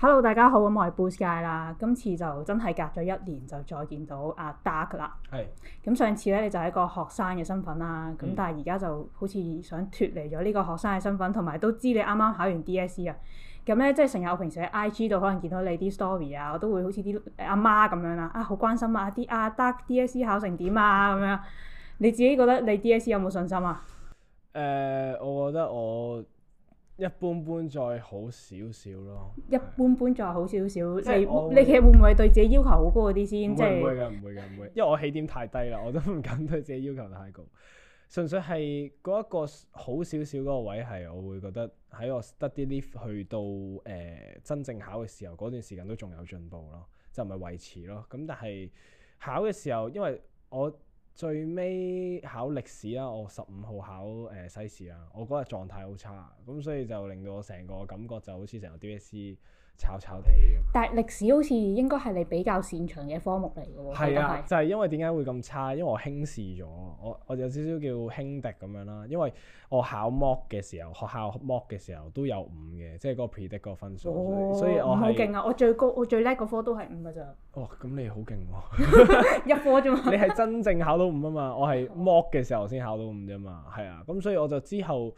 Hello，大家好，咁我係 Blue Sky 啦，今次就真係隔咗一年就再見到阿 Dark 啦。係是。咁上次咧，你就係一個學生嘅身份啦，咁、嗯、但係而家就好似想脱離咗呢個學生嘅身份，同埋都知你啱啱考完 DSE 啊。咁咧，即係成日我平時喺 I G 度可能見到你啲 story 啊，我都會好似啲阿媽咁樣啦，啊好關心啊啲阿 Dark DSE 考成點啊咁樣。你自己覺得你 DSE 有冇信心啊？誒、呃，我覺得我。一般般再好少少咯，一般般再好少少，其實 你會你其實會唔會對自己要求好高啲先？唔會嘅，唔、就是、會嘅，唔會，會。因為我起點太低啦，我都唔敢對自己要求太高。純粹係嗰一個好少少嗰個位係，我會覺得喺我 study leave 去到誒、呃、真正考嘅時候，嗰段時間都仲有進步咯，就唔係維持咯。咁但係考嘅時候，因為我。最尾考歷史啊，我十五號考誒西史啊。我嗰日狀態好差，咁所以就令到我成個感覺就好似成個 DSE 炒炒地但係歷史好似應該係你比較擅長嘅科目嚟㗎喎，係。啊，就係因為點解會咁差？因為我輕視咗，我我有少少叫輕敵咁樣啦。因為我考 mock 嘅時候，學校 mock 嘅時候都有五嘅，即係嗰個 predict 嗰個分數所以。哦，所以我好勁啊！我最高，我最叻嗰科都係五㗎咋。哇，哦！咁你好勁喎， 一科啫嘛。你係真正考到五啊嘛？我係 mock 嘅時候先考到五啫嘛。係啊，咁所以我就之後。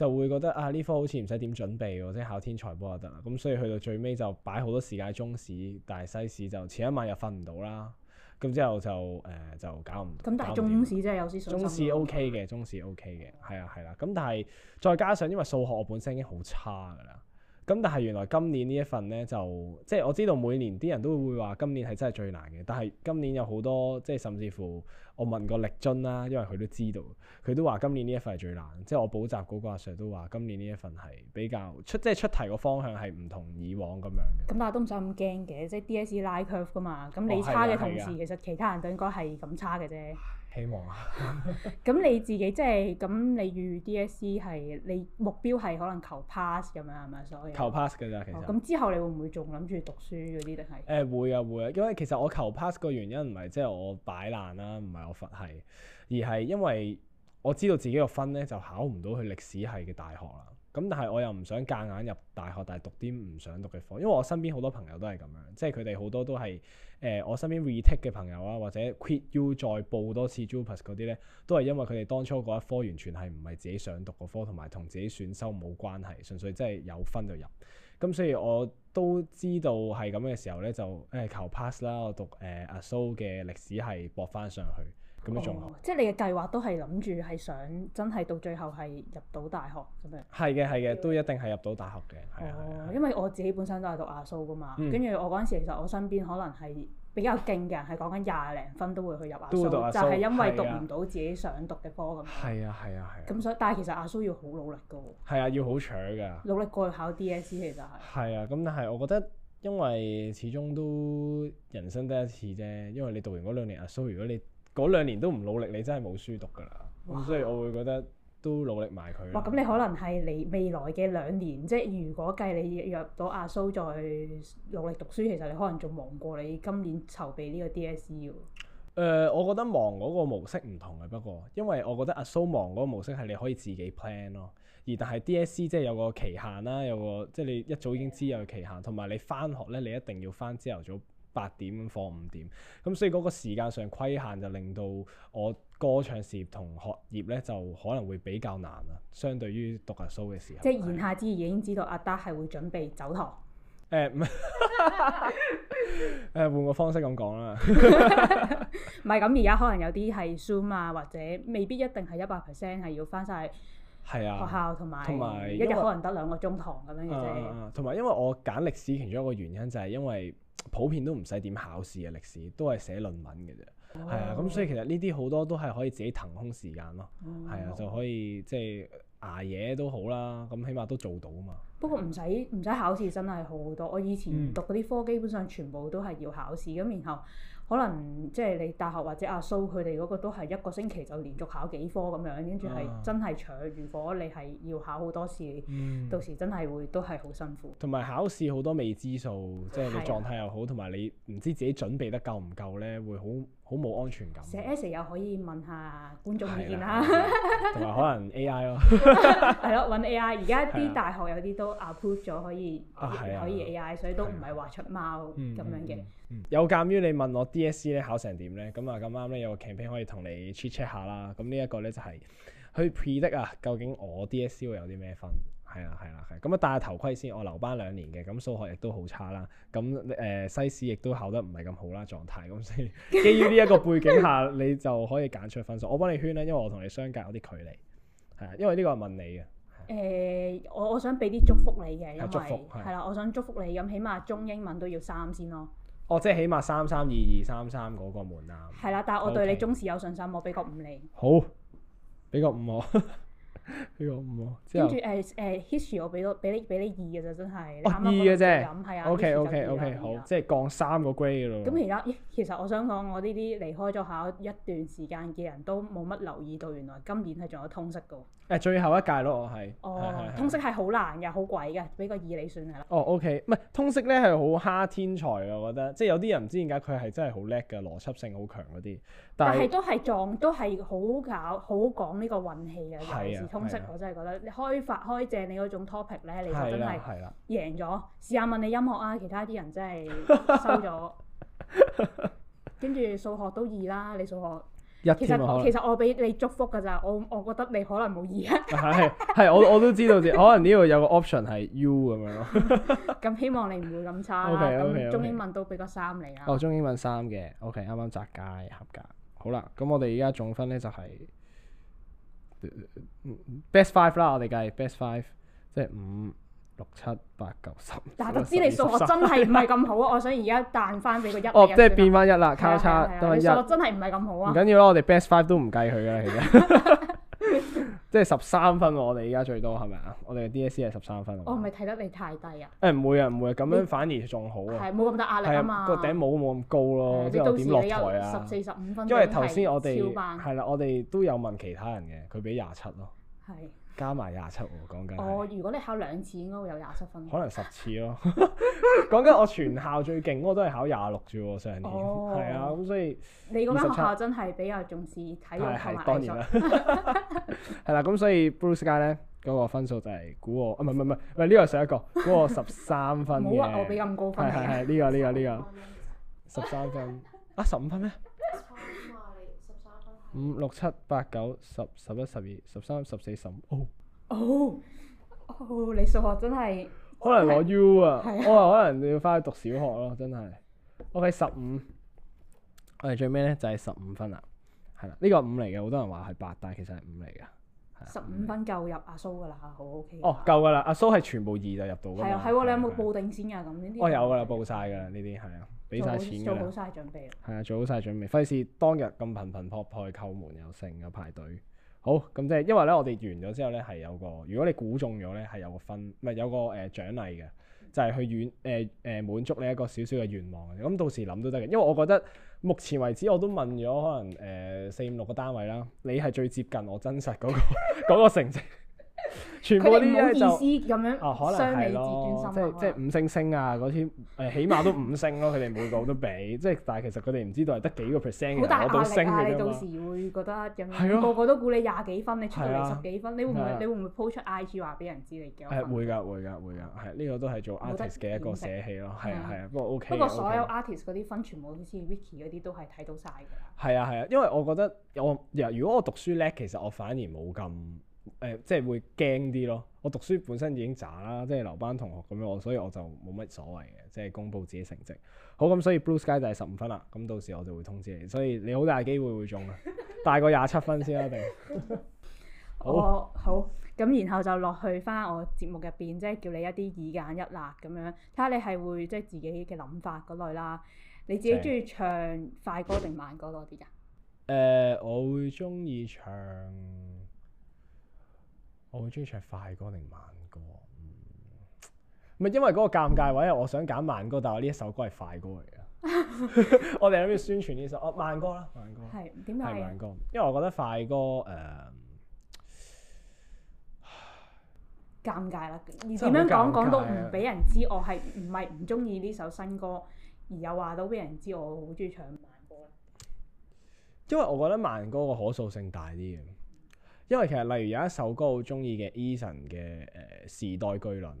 就會覺得啊呢科好似唔使點準備喎，即係考天才波就得啦。咁、嗯、所以去到最尾就擺好多時間中史，但係西史就前一晚又瞓唔到啦。咁之後就誒、呃、就搞唔到、嗯。咁但係中史真係有啲信心。中史 OK 嘅、嗯 OK，中史 OK 嘅，係啊係啦。咁但係再加上因為數學我本身已經好差㗎啦。咁但係原來今年呢一份呢，就即係我知道每年啲人都會話今年係真係最難嘅，但係今年有好多即係甚至乎我問過力尊啦，因為佢都知道，佢都話今年呢一份係最難，即係我補習嗰個阿 Sir 都話今年呢一份係比較出即係出題個方向係唔同以往咁樣嘅。咁但係都唔使咁驚嘅，即係 DSE live curve 噶嘛，咁你差嘅同時，其實、哦、其他人都應該係咁差嘅啫。希望啊！咁 你自己即係咁你預 DSE 係你目標係可能求 pass 咁樣係咪？所以求 pass 㗎咋，哦、其實。咁之後你會唔會仲諗住讀書嗰啲定係？誒、欸、會啊會啊，因為其實我求 pass 個原因唔係即係我擺爛啦，唔係我佛係，而係因為我知道自己個分咧就考唔到去歷史系嘅大學啦。咁但係我又唔想夾硬入大學，但係讀啲唔想讀嘅科，因為我身邊好多朋友都係咁樣，即係佢哋好多都係。誒、呃，我身邊 retake 嘅朋友啊，或者 quit you 再報多次 JUPAS 嗰啲呢，都係因為佢哋當初嗰一科完全係唔係自己想讀嘅科，同埋同自己選修冇關係，純粹真係有分就入。咁所以我都知道係咁嘅時候呢，就誒、呃、求 pass 啦。我讀誒、呃、阿蘇嘅歷史係搏翻上去。咁樣仲好、哦，即係你嘅計劃都係諗住係想真係到最後係入到大學咁樣。係嘅，係嘅，都一定係入到大學嘅。啊，哦、的因為我自己本身都係讀阿蘇㗎嘛，跟住、嗯、我嗰陣時其實我身邊可能係比較勁嘅人，係講緊廿零分都會去入阿蘇，阿蘇就係因為讀唔到自己，的自己想讀嘅科咁。係啊，係啊，係。咁所以，但係其實阿蘇要好努力嘅喎。係啊，要好搶嘅。努力過去考 DSE 其實係。係啊，咁但係我覺得，因為始終都人生得一次啫。因為你讀完嗰兩年阿蘇，如果你嗰兩年都唔努力，你真係冇書讀㗎啦。咁哇、嗯、所以我會覺得都努力埋佢。咁你可能係你未來嘅兩年，即係如果計你入到阿蘇再努力讀書，其實你可能仲忙過你今年籌備呢個 DSE 喎、呃。我覺得忙嗰個模式唔同嘅，不過因為我覺得阿蘇忙嗰個模式係你可以自己 plan 咯，而但係 DSE 即係有個期限啦，有個即係你一早已經知有期限，同埋的你返學咧，你一定要返朝頭早。八點放五點，咁所以嗰個時間上規限就令到我歌唱事業同學業咧就可能會比較難啊。相對於讀阿蘇嘅時候，即係言下之意已經知道阿德係會準備走堂。誒，唔係，誒換個方式咁講啦，唔係咁，而家可能有啲係 Zoom 啊，或者未必一定係一百 percent 係要翻晒係啊，學校同埋一日可能得兩個鐘堂咁樣嘅啫。同埋、啊、因為我揀歷史其中一個原因就係因為。普遍都唔使點考試嘅歷史，都係寫論文嘅啫。係、oh. 啊，咁、嗯、所以其實呢啲好多都係可以自己騰空時間咯。係、oh. 啊，就可以即係捱夜都好啦。咁起碼都做到啊嘛。不過唔使唔使考試真係好多。我以前讀嗰啲科基本上全部都係要考試咁，嗯、然後。可能即係你大學或者阿蘇佢哋嗰個都係一個星期就連續考幾科咁樣，跟住係真係搶。如果你係要考好多次，嗯、到時真係會都係好辛苦。同埋考試好多未知數，即係你狀態又好，同埋的你唔知自己準備得夠唔夠咧，會好。好冇安全感。寫 Essay 又可以問下觀眾意見啦，同埋可能 AI 咯、哦，係咯， 揾 AI。而家啲大學有啲都 approve 咗可以，的可以，可以 AI，所以都唔係話出貓咁樣嘅。嗯嗯嗯、有鑑於你問我 DSE 咧考成點咧，咁啊咁啱咧有個 campaign 可以同你 check check 下啦。咁呢一個咧就係去 predict 啊，究竟我 DSE 會有啲咩分？係啦係啦係，咁啊，啊，啊戴下頭盔先。我留班兩年嘅，咁數學亦都好差啦。咁誒、呃，西史亦都考得唔係咁好啦，狀態。咁所以基於呢一個背景下， 你就可以揀出分數。我幫你圈咧，因為我同你相隔有啲距離。係啊，因為呢個係問你嘅。誒、啊呃，我我想俾啲祝福你嘅，有、啊、祝福。係啦、啊啊，我想祝福你，咁起碼中英文都要三先咯。哦，即係起碼三三二二三三嗰個門檻。係啦，但係我對你中史有信心，Okay 我俾個五你。好，俾個五我。 呢個唔跟住誒誒 history、喔後啊、我俾多俾你俾你二嘅咋，真係哦你剛剛二嘅啫，O K O K O K 好，即係降三個 grade、er、咯。咁而家，其實我想講，我呢啲離開咗考一段時間嘅人都冇乜留意到，原來今年係仲有通識嘅。誒最後一屆咯，我係。哦，係係係通識係好難嘅，好貴嘅，俾個二你算係啦。哦，OK，唔係通識咧係好蝦天才嘅，我覺得，即係有啲人唔知點解佢係真係好叻嘅，邏輯性好強嗰啲。但係都係撞，都係好搞，好講呢個運氣嘅。尤其是通識，啊啊、我真係覺得你開發開正你嗰種 topic 咧，你就真係贏咗。啊啊、試下問你音樂啊，其他啲人真係收咗。跟住 數學都易啦，你數學。其實可其實我俾你祝福噶咋，我我覺得你可能冇二。 啊。係係，我我都知道可能呢度有個 option 係 U 咁樣咯。咁、嗯、希望你唔會咁差 okay, okay, okay. 中英文都俾個三你啊。哦，中英文三嘅，OK，啱啱摘界，合格。好啦，咁我哋而家總分咧就係 best five 啦，我哋計 best five，即係五。六七八九十，嗱就知你數學真係唔係咁好啊！我想而家彈翻俾個一哦，即係變翻一啦，交叉但係一。數學真係唔係咁好啊！唔緊要咯，我哋 best five 都唔計佢噶啦，其實即係十三分喎，我哋而家最多係咪啊？我哋 DSE 係十三分，我係咪睇得你太低啊？誒唔會啊唔會啊，咁樣反而仲好啊！係冇咁大壓力啊嘛，個頂冇冇咁高咯，之後點落台啊？十四十五分，因為頭先我哋係啦，我哋都有問其他人嘅，佢俾廿七咯，係。加埋廿七喎，講緊。哦，如果你考兩次，應該會有廿七分。可能十次咯，講緊 我全校最勁，我都係考廿六啫喎，哦、上年。哦。係啊，咁所以。你嗰間學校真係比較重視體育同埋藝術。係係，當然啦。係啦， 咁所以 Bruce Guy 呢嗰、那個分數就係估我，唔係唔係唔係，喂，呢、這個上一個估我十三分嘅。冇啊！我畀咁高分嘅。係係呢個呢、這個呢、這個十三、這個、分， 分，啊十五分咩？五六七八九十十一十二十三十四十五哦哦，哦你數學真係可能攞 U 啊，我可能你要翻去讀小學咯，真係。O K 十五，我哋最尾咧就係十五分啦，係啦呢個五嚟嘅，好多人話係八，但其實係五嚟噶。十五，啊、分夠入阿蘇噶啦，好 O K。Okay，哦夠噶啦，阿蘇係全部二就入到。係啊係，啊啊你有冇報定先噶咁呢啲？哦，有噶啦，報晒噶啦呢啲係啊。俾曬錢嘅，係啊，做好晒準備。費事 當日咁頻頻撲去叩門又成又排隊。好咁即係，因為咧我哋完咗之後咧係有個，如果你估中咗咧係有個分，唔係有個誒、呃、獎勵嘅，就係、是、去願誒誒滿足你一個小小嘅願望，咁到時諗都得嘅，因為我覺得目前為止我都問咗可能誒四五六個單位啦，你係最接近我真實嗰、那個嗰個成績。 全部啲咧就哦，可能係咯，即係即係五星星啊嗰啲，誒起碼都五星咯。佢哋每個都比，即係但係其實佢哋唔知道係得幾個 percent 嘅，好多升嘅啫嘛。好大壓力啊！你到時會覺得咁樣個個都估你廿幾分，你出到你十幾分，你會唔會你會唔會 po 出 IG 話俾人知你嘅？係會㗎，會㗎，會㗎。係呢個都係做 artist 嘅一個捨棄咯。係啊，係啊，不過 OK。不過所有 artist 嗰啲分全部好似 Vicky 嗰啲都係睇到晒嘅。係啊係啊，因為我覺得我如果我讀書叻，其實我反而冇咁。誒，即係會驚啲咯。我讀書本身已經渣啦，即係留班同學咁樣，我所以我就冇乜所謂嘅，即係公布自己成績。好咁、嗯，所以 Blue Sky 就係十五分啦。咁到時我就會通知你，所以你好大機會會中啊， 大過廿七分先啦，定 好。哦、好咁，然後就落去翻我節目入邊，即係叫你一啲二揀一啦咁樣，睇下你係會即係自己嘅諗法嗰類啦。你自己中意唱快歌定慢歌多啲噶？誒是、呃，我會中意唱。我好中意唱快歌定慢歌？唔、嗯、咪因為嗰個尷尬位，我想揀慢歌，但我呢一首歌係快歌嚟啊！ 我哋諗要宣傳呢首？哦，慢歌啦，慢歌係點解？係慢歌，因為我覺得快歌誒，尷、呃、尬啦！點唉樣講，講到唔俾人知，我係唔係唔中意呢首新歌， 而又話到俾人知我好中意唱慢歌，因為我覺得慢歌個可塑性大啲嘅。因為其實例如有一首歌好中意嘅 Eason 嘅誒時代巨輪，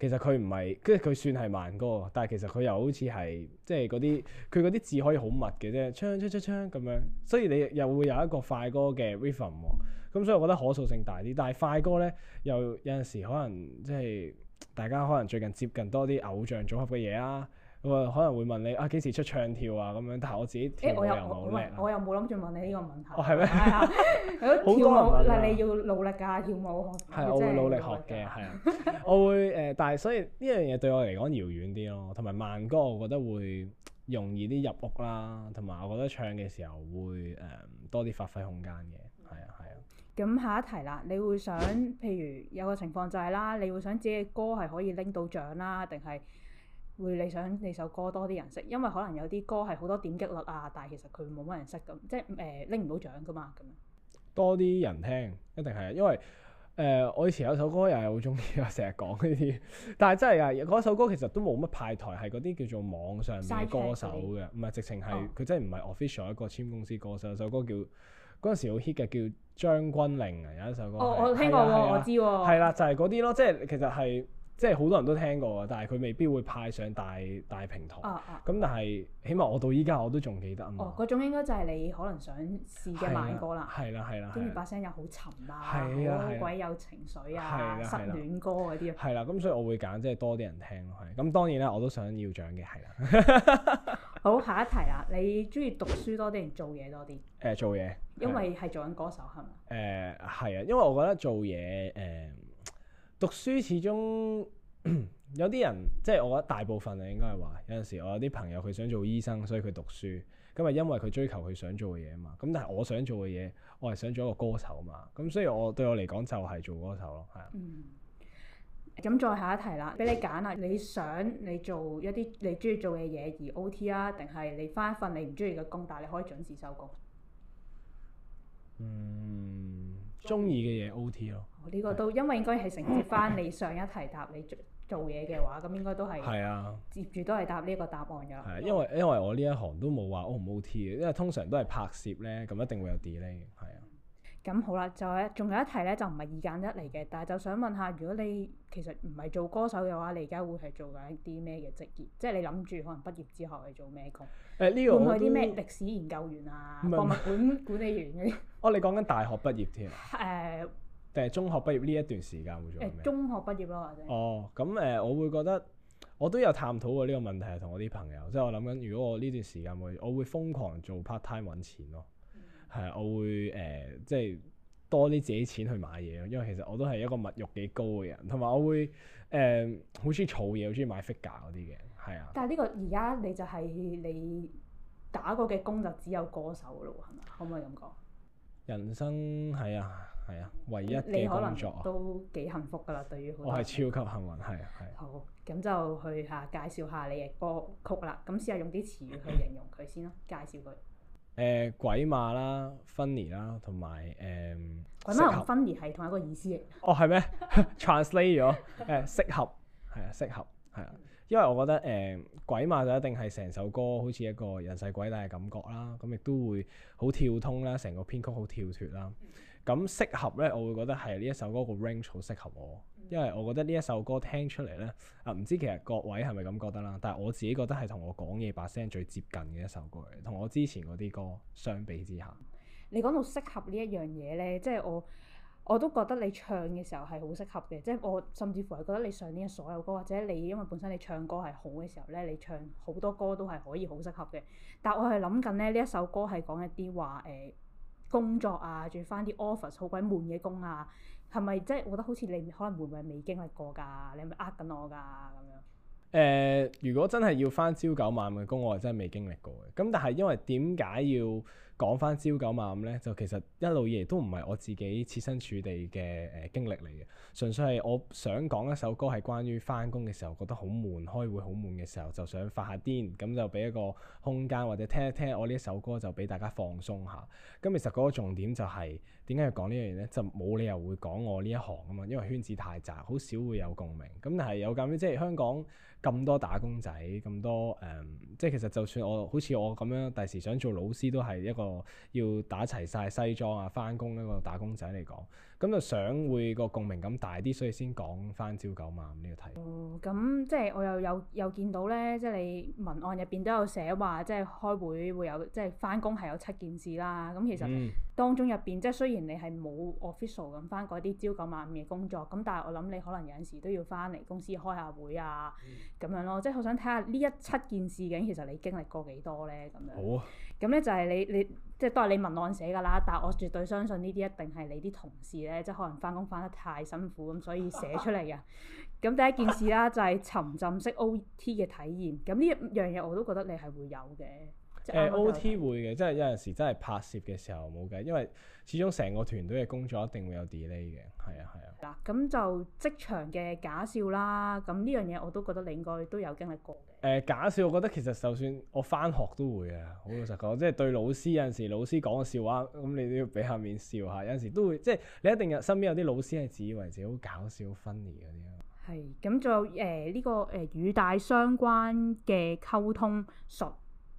其實佢唔係，即係佢算係慢歌，但係其實佢又好似係即係嗰啲佢嗰啲字可以好密嘅啫，槍槍槍槍咁樣，所以你又會有一個快歌嘅 rhythm 喎，咁所以我覺得可塑性大啲。但係快歌呢，又有陣時可能即係大家可能最近接近多啲偶像組合嘅嘢啦。可能會問你啊，幾時出唱跳啊？咁樣，但係我自己跳舞又冇、欸、我又冇諗住問你呢個問題。哦，係咩？係 跳啊，好努力嗱，你要努力噶跳舞，係啊，我會努力學嘅，係啊，我會誒、 呃，但係所以呢樣嘢對我嚟講遙遠啲咯，同埋慢歌我覺得會容易啲入屋啦，同埋我覺得唱嘅時候會誒、呃、多啲發揮空間嘅，係啊，係啊。咁、嗯、下一題啦，你會想，譬如有個情況就係、是、啦，你會想自己嘅歌係可以拎到獎啦，定係？會你想你首歌多啲人識，因為可能有啲歌係好多點擊率啊，但係其實佢冇乜人識咁，即係誒拎唔到獎㗎嘛咁。多啲人聽一定係，因為誒、呃、我以前有首歌又係好中意啊，成日講呢啲，但係真係啊嗰首歌其實都冇乜派台，係嗰啲叫做網上嘅歌手嘅，唔係直情係佢真係唔係 official 一個簽公司歌手。Ic ic encore，首歌叫嗰陣時好 hit 嘅叫《將軍令》啊，有一首歌、哦。我聽過喎，我知喎。係啦，就係嗰啲咯，即、就、係、是、其實係。即係好多人都聽過㗎，但係佢未必會派上大大平台。咁但係起碼我到依家我都仲記得啊嘛。哦，嗰種應該就係你可能想試嘅慢歌啦。係啦係啦，跟住把聲又好沉啊，好鬼有情緒啊，失戀歌嗰啲啊。係啦，咁所以我會揀即係多啲人聽咯。係，咁當然咧我都想要獎嘅。係啦。好，下一題啦，你中意讀書多啲定做嘢多啲？誒，做嘢，因為係做緊歌手係嘛？誒，係啊，因為我覺得做嘢誒。讀書始終 有啲人，即係我覺得大部分啊，應該係話有陣時我有啲朋友佢想做醫生，所以佢讀書。咁啊，因為佢追求佢想做嘅嘢啊嘛。咁但係我想做嘅嘢，我係想做一個歌手嘛。咁所以我對我嚟講就係做歌手咯，係啊。咁再下一題啦，俾你揀啦，你想你做一啲你中意做嘅嘢，而 O T 啊，定係你返一份你唔中意嘅工，但係你可以準時收工？嗯，中意嘅嘢 O T 咯。二呢、哦呢個都因為應該係承接翻你上一題答你做、嗯、做嘢嘅話，咁應該都係係啊，接住都係答呢個答案嘅。係、啊、因為因為我呢一行都冇話 O 唔 O T 嘅，因為通常都係拍攝咧，咁一定會有 delay 係啊。咁、嗯嗯嗯、好啦，就係仲有一題咧，就唔係二選一嚟嘅，但係就想問下，如果你其實唔係做歌手嘅話，你而家會係做緊啲咩嘅職業？即係你諗住可能畢業之後係做咩工？誒呢、欸呢個換去啲咩歷史研究員啊，是博物館是 管理員啲。哦，你講緊大學畢業添啊？呃定係中學畢業呢一段時間會做咩？誒，中學畢業咯，或者哦，咁誒、呃，我會覺得我都有探討過呢個問題，同我啲朋友，即係我諗緊，如果我呢段時間我我會瘋狂做 part time 揾錢咯，係、嗯、我會誒、呃，即係多啲自己錢去買嘢咯，因為其實我都係一個物欲幾高嘅人，同埋我會誒，好中意儲嘢，好中意買 figure 嗰啲嘅，係啊。但係呢個而家你就係你打過嘅工就只有歌手咯，係咪？可唔可以咁講？人生係啊。係啊，唯一嘅工作都幾幸福噶啦，對於我係超級幸運，係係。好，咁就去下介紹下你嘅歌曲啦。咁試下用啲詞語去形容佢先啦。嗯、介紹佢。誒、呃，鬼馬啦，funny 啦，同埋誒。嗯、鬼馬同合 funny 係同一個意思嚟。哦，係咩？translate 咗，誒， 適、 啊、合，係啊，適合，係啊。因為我覺得誒、呃，鬼馬就一定係成首歌好似一個人細鬼大嘅感覺啦。咁亦都會好跳通啦，成個編曲好跳脱啦。嗯咁適合呢，我會覺得係呢一首歌個 range 好適合我，嗯、因為我覺得呢一首歌聽出嚟呢，啊唔知其實各位係咪咁覺得啦？但係我自己覺得係同我講嘢把聲最接近嘅一首歌，同我之前嗰啲歌相比之下。你講到適合呢一樣嘢呢，即係我我都覺得你唱嘅時候係好適合嘅，即係我甚至乎係覺得你上年所有歌，或者你因為本身你唱歌係好嘅時候呢，你唱好多歌都係可以好適合嘅。但我係諗緊呢，呢一首歌係講一啲話誒。呃工作啊，仲要翻啲 office 好鬼悶嘅工啊，係咪即係我覺得好似你可能會唔會未經歷過噶？你係咪呃緊我噶咁樣？誒、呃，如果真係要翻朝九晚五嘅工，我係真係未經歷過嘅。咁但係因為點解要？講翻朝九晚五呢，就其實一路以嚟都唔係我自己設身處地嘅誒經歷嚟嘅，純粹係我想講一首歌係關於翻工嘅時候覺得好悶，開會好悶嘅時候就想發下癲，咁就俾一個空間或者聽一聽我呢一首歌就俾大家放鬆下。咁其實嗰個重點就係點解要講呢樣嘢呢？就冇理由會講我呢一行啊嘛，因為圈子太窄，好少會有共鳴。咁但係有咁樣即係香港咁多打工仔，咁多誒、嗯，即係其實就算我好似我咁樣第時想做老師都係一個。要打齊晒西裝啊！返工呢個打工仔嚟講。咁就想會個共鳴感大啲，所以先講翻朝九晚五呢個題、嗯。哦，咁即係我又有又見到咧，即係你文案入邊都有寫話，即係開會會有即係翻工係有七件事啦。咁其實當中入邊，嗯、即係雖然你係冇 official 咁翻嗰啲朝九晚五嘅工作，咁但係我諗你可能有陣時都要翻嚟公司開下會啊，咁、嗯、樣咯。即係好想睇下呢一七件事嘅，其實你經歷過幾多咧？咁樣。好啊。咁咧就係你你。你你即係都係你文案寫㗎啦，但我絕對相信呢啲一定係你啲同事咧，即係可能返工返得太辛苦咁，所以寫出嚟嘅。咁 第一件事啦，就係沉浸式 OT 嘅體驗。咁呢一樣嘢我都覺得你係會有嘅。誒 O T 會嘅的，即係有陣時真係拍攝嘅時候冇計，因為始終成個團隊嘅工作一定會有 delay 嘅，係啊係啊。嗱、啊，咁、嗯、就職場嘅假笑啦。咁呢樣嘢我都覺得你應該都有經歷過嘅。誒、呃、假笑，我覺得其實就算我翻學都會啊，好老實講，即係對老師有陣時老師講嘅笑話，咁你都要俾下面笑下。有陣時都會即係你一定有身邊有啲老師係自以為自己好搞笑、好 funny 嗰啲咯。係咁、嗯，仲有誒呢、呃這個誒、呃、語帶相關嘅溝通術。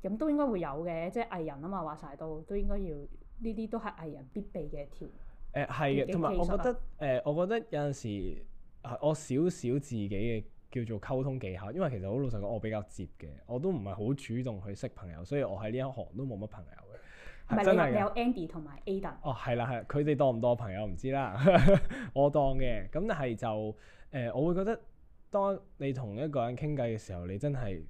咁、嗯、都應該會有嘅，即係藝人啊嘛，話晒都都應該要呢啲都係藝人必備嘅條。誒係嘅，同埋我覺得誒、呃，我覺得有陣時、呃、我少少、呃、自己嘅叫做溝通技巧，因為其實好老實講，我比較接嘅，我都唔係好主動去識朋友，所以我喺呢一行都冇乜朋友嘅。唔係你有 Andy 同埋 Ada？哦，係啦，係，佢哋當唔當朋友唔知啦， 我當嘅。咁但係就誒、呃，我會覺得當你同一個人傾偈嘅時候，你真係。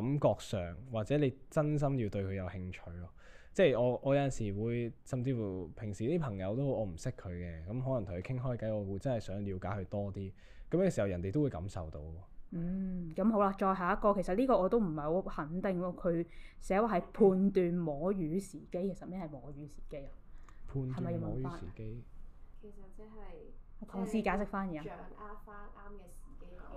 感覺上，或者你真心要對佢有興趣咯，即係我我有陣時會，甚至乎平時啲朋友都我唔識佢嘅，咁可能同佢傾開偈，我會真係想了解佢多啲，咁嘅時候人哋都會感受到。嗯，咁好啦，再下一個，其實呢個我都唔係好肯定喎，佢寫話係判斷摸魚時機，其實咩係摸魚時機啊？判斷摸魚時機，其實即、就、係、是就是就是、同事解釋翻嘢。家、嗯。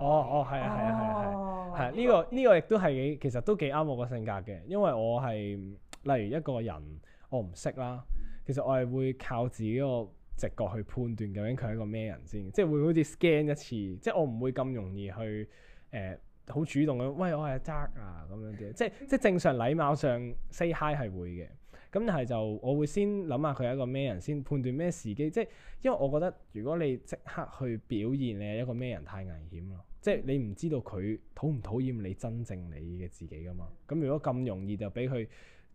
哦哦，係啊係啊係啊係啊，呢個呢個亦都係幾其實都幾啱我個性格嘅，因為我係例如一個人我唔識啦，其實我係會靠自己個直覺去判斷究竟佢係一個咩人先，即係會好似 scan 一次，即係我唔會咁容易去誒好、呃、主動咁：「喂，我係阿 Dark 啊咁樣嘅，即係即係正常禮貌上 say hi 係會嘅，咁但係就我會先諗下佢係一個咩人先判斷咩時機，即係因為我覺得如果你即刻去表現你係一個咩人太危險咯。即係你唔知道佢討唔討厭你真正你嘅自己噶嘛？咁如果咁容易就俾佢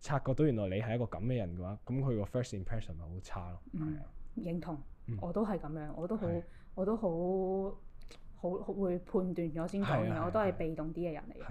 察覺到原來你係一個咁嘅人嘅話，咁佢個 first impression 咪好差咯。嗯，啊、認同，嗯、我都係咁樣，我都好，啊、我都好好會判斷咗先講，啊啊、我都係被動啲嘅人嚟嘅。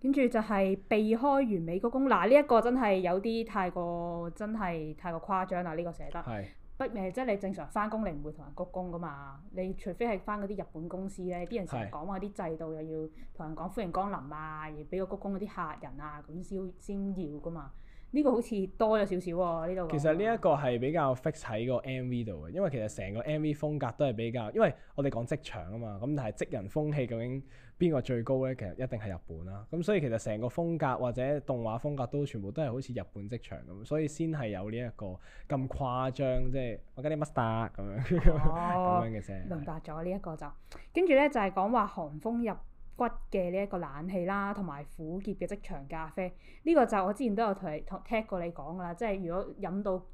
跟住、啊啊、就係避開完美個功嗱，呢、啊、一、這個真係有啲太過真係太過誇張啦，呢、呢個寫得。不誒，即係你正常翻工，你唔會同人鞠躬噶嘛？你除非係翻嗰啲日本公司咧，啲人成日講話啲制度又要同人講歡迎光臨啊，要俾個鞠躬嗰啲客人啊，咁先先要噶嘛？呢個好似多咗少少喎，呢度。其實呢一個係比較 fix 喺個 MV 度嘅，因為其實成個 MV 風格都係比較，因為我哋講職場啊嘛，咁但係職人風氣究竟？邊個最高呢？其實一定係日本啦、啊。咁所以其實成個風格或者動畫風格都全部都係好似日本職場咁，所以先係有呢一個咁誇張，即、就、係、是、我加啲 mustard 咁樣咁樣嘅啫。明白咗呢一個就，跟住呢就係、是、講話寒風入骨嘅呢一個冷氣啦，同埋苦澀嘅職場咖啡。呢、這個就我之前都有同你同 tag 過你講㗎啦，即係如果飲到。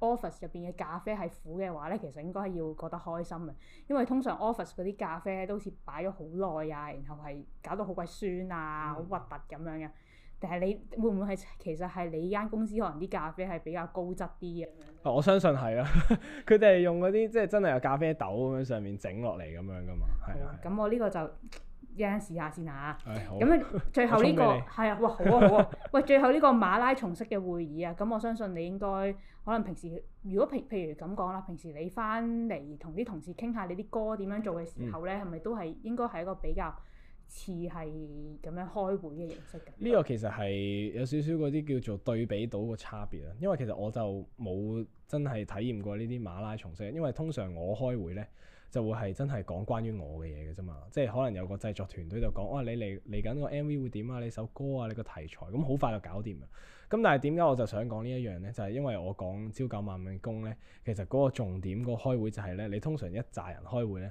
office 入邊嘅咖啡係苦嘅話咧，其實應該係要覺得開心嘅，因為通常 office 嗰啲咖啡咧都好似擺咗好耐呀、啊，然後係搞到好鬼酸啊，好核突咁樣嘅。但係你會唔會係其實係你間公司可能啲咖啡係比較高質啲嘅、啊？我相信係啊，佢哋用嗰啲即係真係有咖啡豆咁樣上面整落嚟咁樣㗎嘛。係啊，咁、嗯、的我呢個就。一陣試下先嚇，咁啊、哎、最後呢、呢個係 啊，哇好啊好啊，喂、啊、 最後呢個馬拉松式嘅會議啊，咁我相信你應該可能平時如果譬譬如咁講啦，平時你翻嚟同啲同事傾下你啲歌點樣做嘅時候呢，係咪、嗯、都係應該係一個比較似係咁樣開會嘅形式？呢個其實係有少少嗰啲叫做對比到個差別啊，因為其實我就冇真係體驗過呢啲馬拉松式，因為通常我開會呢。就會係真係講關於我嘅嘢嘅啫嘛，即係可能有個製作團隊就講哇，你嚟嚟緊個 MV 會點啊？你首歌啊？你個題材咁好快就搞掂啦。咁但係點解我就想講呢一樣呢？就係因為我講朝九晚五工呢，其實嗰個重點個開會就係呢：你通常一紮人開會呢。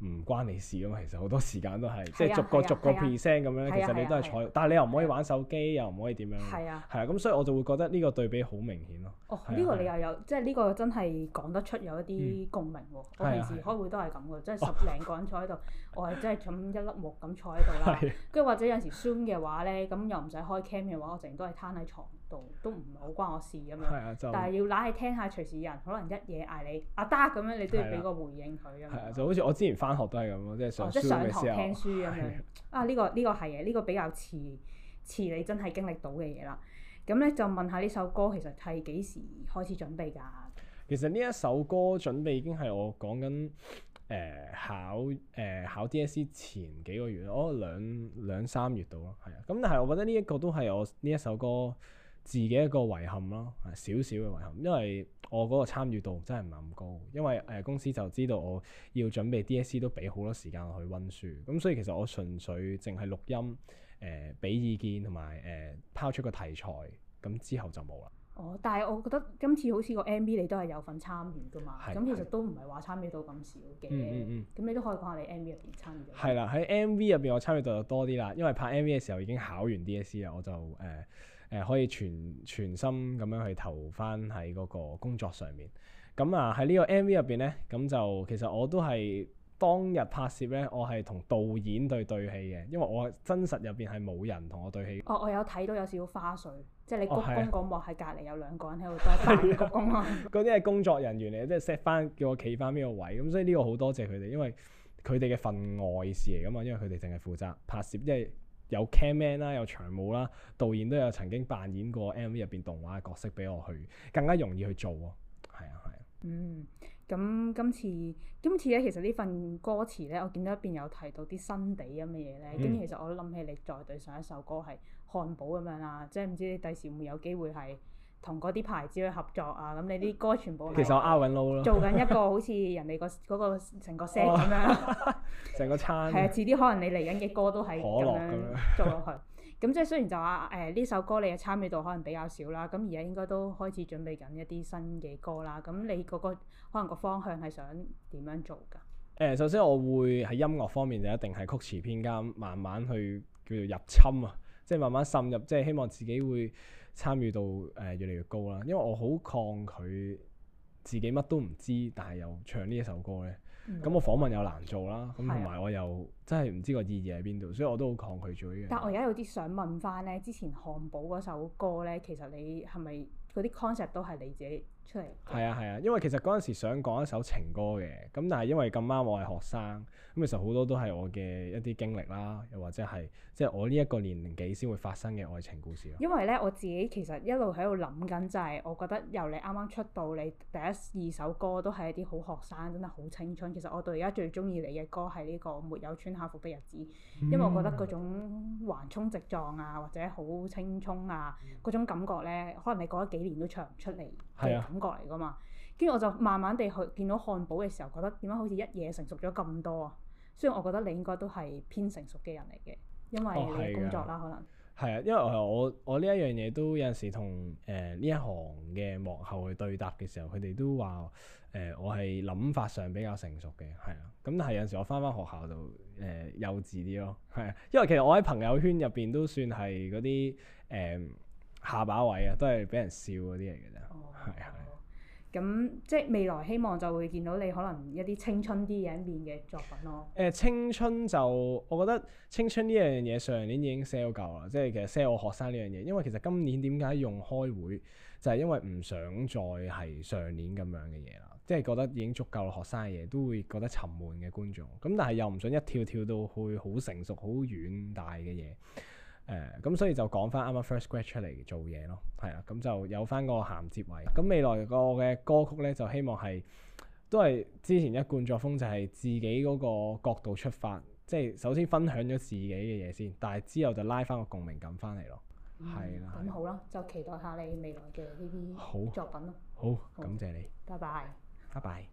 唔關你事啊嘛，其實好多時間都係即係逐個逐個 present 咁樣，其實你都係坐，但係你又唔可以玩手機，又唔可以點樣？係啊，係啊，咁所以我就會覺得呢個對比好明顯咯。哦，呢個你又有，即係呢個真係講得出有一啲共鳴喎。我平時開會都係咁嘅，即係十零個人坐喺度，我係真係咁一粒木咁坐喺度啦。跟住或者有時 Zoom 嘅話咧，咁又唔使開 cam 嘅話，我成日都係攤喺床。都唔係好關我事咁樣，啊、就但係要攞去聽下隨時有人，可能一嘢嗌你阿 Dark 咁樣，你都要俾個回應佢咁樣。就好似我之前返學都係咁咯，即係、哦、上即上堂聽書咁樣。啊呢、啊呢個呢、呢個係嘢、啊，呢、呢個比較似似你真係經歷到嘅嘢啦。咁咧就問下呢首歌其實係幾時開始準備㗎？其實呢一首歌準備已經係我講緊誒、呃、考誒、呃、考 DSE 前幾個月我兩兩三月度咯，係啊。咁但係我覺得呢一個都係我呢一首歌。自己一個遺憾咯，少少嘅遺憾，因為我嗰個參與度真係唔係咁高，因為誒、呃、公司就知道我要準備 DSE 都俾好多時間我去溫書，咁所以其實我純粹淨係錄音誒，俾、呃、意見同埋誒拋出個題材，咁之後就冇啦。哦，但係我覺得今次好似個 MV 你都係有份參與㗎嘛，咁的其實都唔係話參與到咁少嘅，咁、嗯嗯嗯、你都可以講下你 MV 入邊參與嘅。係啦，喺 MV 入邊我參與到就多啲啦，因為拍 MV 嘅時候已經考完 DSE 啦，我就誒。呃誒、呃、可以全全心咁樣去投翻喺嗰個工作上、啊、面。咁啊喺呢個 MV 入邊呢，咁就其實我都係當日拍攝呢。我係同導演對對戲嘅，因為我真實入邊係冇人同我對戲。哦，我有睇到有少少花絮，即係你鞠躬嗰幕係隔離有兩個人喺度在鞠躬啊。嗰啲係工作人員嚟，即係 set 翻叫我企翻呢個位，咁所以呢個好多謝佢哋，因為佢哋嘅份外事嚟㗎嘛，因為佢哋淨係負責拍攝，因為。有 cameraman 啦，有長舞啦，導演都有曾經扮演過 MV 入邊動畫嘅角色俾我去，更加容易去做喎。係啊，係啊。嗯，咁今次今次咧，其實呢份歌詞咧，我見到一邊有提到啲新地咁嘅嘢咧，咁、嗯、其實我諗起你再對上一首歌係漢堡咁樣啦，即係唔知你第時會有，有機會係。同嗰啲牌子去合作啊！咁你啲歌全部其實我 e a r 揾 l o 做緊一個好似人哋 個嗰成個 set 咁樣，成個餐係啊！ 遲啲可能你嚟緊嘅歌都係咁火落 樣做落去。咁 即係雖然就話誒呢首歌你嘅參與度可能比較少啦，咁而家應該都開始準備緊一啲新嘅歌啦。咁你嗰、嗰個可能個方向係想點樣做㗎？誒、呃，首先我會喺音樂方面就一定係曲詞編監，慢慢去叫做入侵啊，即係慢慢滲入，即係希望自己會。參與到誒越嚟越高啦，因為我好抗拒自己乜都唔知，但係又唱呢一首歌呢。咁、嗯、我訪問又難做啦，咁同埋我又真係唔知個意義喺邊度，所以我都好抗拒咗嘅。但我而家有啲想問翻呢之前漢堡嗰首歌呢，其實你係咪嗰啲 concept 都係你自己？係啊，係啊，因為其實嗰陣時想講一首情歌嘅，咁但係因為咁啱我係學生，咁其實好多都係我嘅一啲經歷啦，又或者係即係我呢一個年紀先會發生嘅愛情故事咯。因為呢，我自己其實一路喺度諗緊，就係我覺得由你啱啱出道，你第一二首歌都係一啲好學生，真係好青春。其實我到而家最中意你嘅歌係呢個沒有穿校服的日子，因為我覺得嗰種橫衝直撞啊，或者好青春啊嗰種感覺呢，可能你過咗幾年都唱唔出嚟。係啊，嗯、感覺嚟噶嘛，跟住我就慢慢地去見到漢堡嘅時候，覺得點解好似一夜成熟咗咁多啊？所以我覺得你應該都係偏成熟嘅人嚟嘅，因為你工作啦，哦、可能係啊，因為我我呢一樣嘢都有陣時同誒呢一行嘅幕後去對答嘅時候，佢哋都話誒、呃、我係諗法上比較成熟嘅，係啊。咁但係有陣時我翻翻學校就誒、呃、幼稚啲咯，係啊。因為其實我喺朋友圈入邊都算係嗰啲誒下把位啊，都係俾人笑嗰啲嚟嘅啫。係係，咁是即係未來希望就會見到你可能一啲青春啲嘅一面嘅作品咯。誒、呃，青春就我覺得青春呢樣嘢上年已經 sell 夠啦，即係其實 sell 我學生呢樣嘢。因為其實今年點解用開會就係、是、因為唔想再係上年咁樣嘅嘢啦，即係覺得已經足夠啦，學生嘅嘢都會覺得沉悶嘅觀眾。咁但係又唔想一跳跳到去好成熟好遠大嘅嘢。誒咁、呃、所以就講翻啱啱 first scratch 出嚟做嘢咯，係啊，咁就有翻嗰個銜接位。咁未來個嘅歌曲呢，就希望係都係之前一貫作風，就係自己嗰個角度出發，即、就、係、是、首先分享咗自己嘅嘢先，但係之後就拉翻個共鳴感翻嚟咯。係啦、嗯，咁、啊啊、好啦，就期待下你未來嘅呢啲好作品咯。好，好感謝你。拜拜。拜拜。